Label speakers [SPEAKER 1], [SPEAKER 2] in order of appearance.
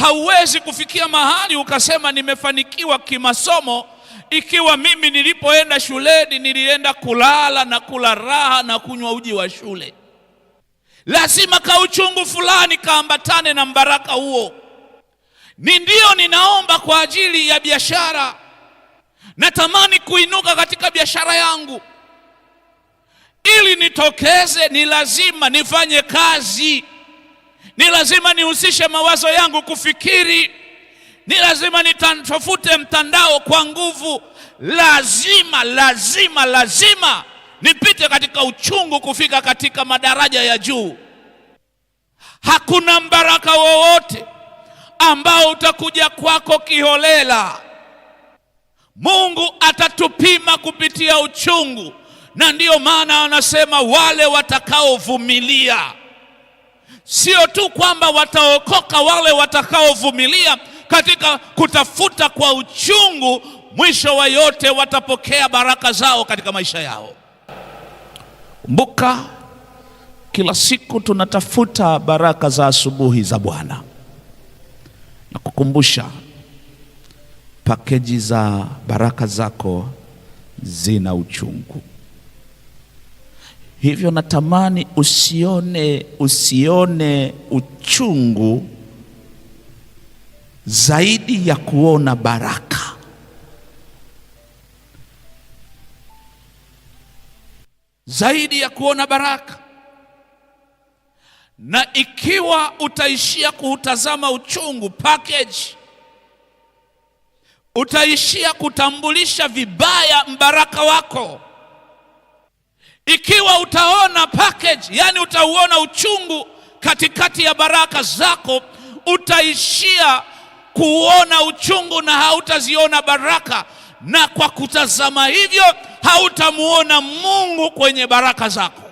[SPEAKER 1] Hauwezi kufikia mahali ukasema nimefanikiwa kimasomo ikiwa mimi nilipoenda shuleni nilienda kulala na kula raha na kunywa uji wa shule. Lazima kauchungu fulani kaambatane na mbaraka huo. Ni ndio ninaomba kwa ajili ya biashara, natamani kuinuka katika biashara yangu. Ili nitokeze, ni lazima nifanye kazi ni lazima nihusishe mawazo yangu kufikiri, ni lazima nitafute mtandao kwa nguvu, lazima lazima lazima nipite katika uchungu kufika katika madaraja ya juu. Hakuna mbaraka wowote ambao utakuja kwako kiholela. Mungu atatupima kupitia uchungu, na ndiyo maana anasema wale watakaovumilia Sio tu kwamba wataokoka wale watakaovumilia katika kutafuta kwa uchungu, mwisho wa yote watapokea baraka zao katika maisha yao.
[SPEAKER 2] Kumbuka, kila siku tunatafuta baraka za asubuhi za Bwana. na kukumbusha pakeji za baraka zako zina uchungu. Hivyo natamani usione, usione uchungu zaidi ya kuona baraka. Zaidi ya kuona baraka. Na ikiwa utaishia kuutazama uchungu package, utaishia kutambulisha vibaya mbaraka wako. Ikiwa utaona package, yani utauona uchungu katikati ya baraka zako, utaishia kuona uchungu na hautaziona baraka, na kwa kutazama hivyo hautamuona Mungu kwenye baraka zako.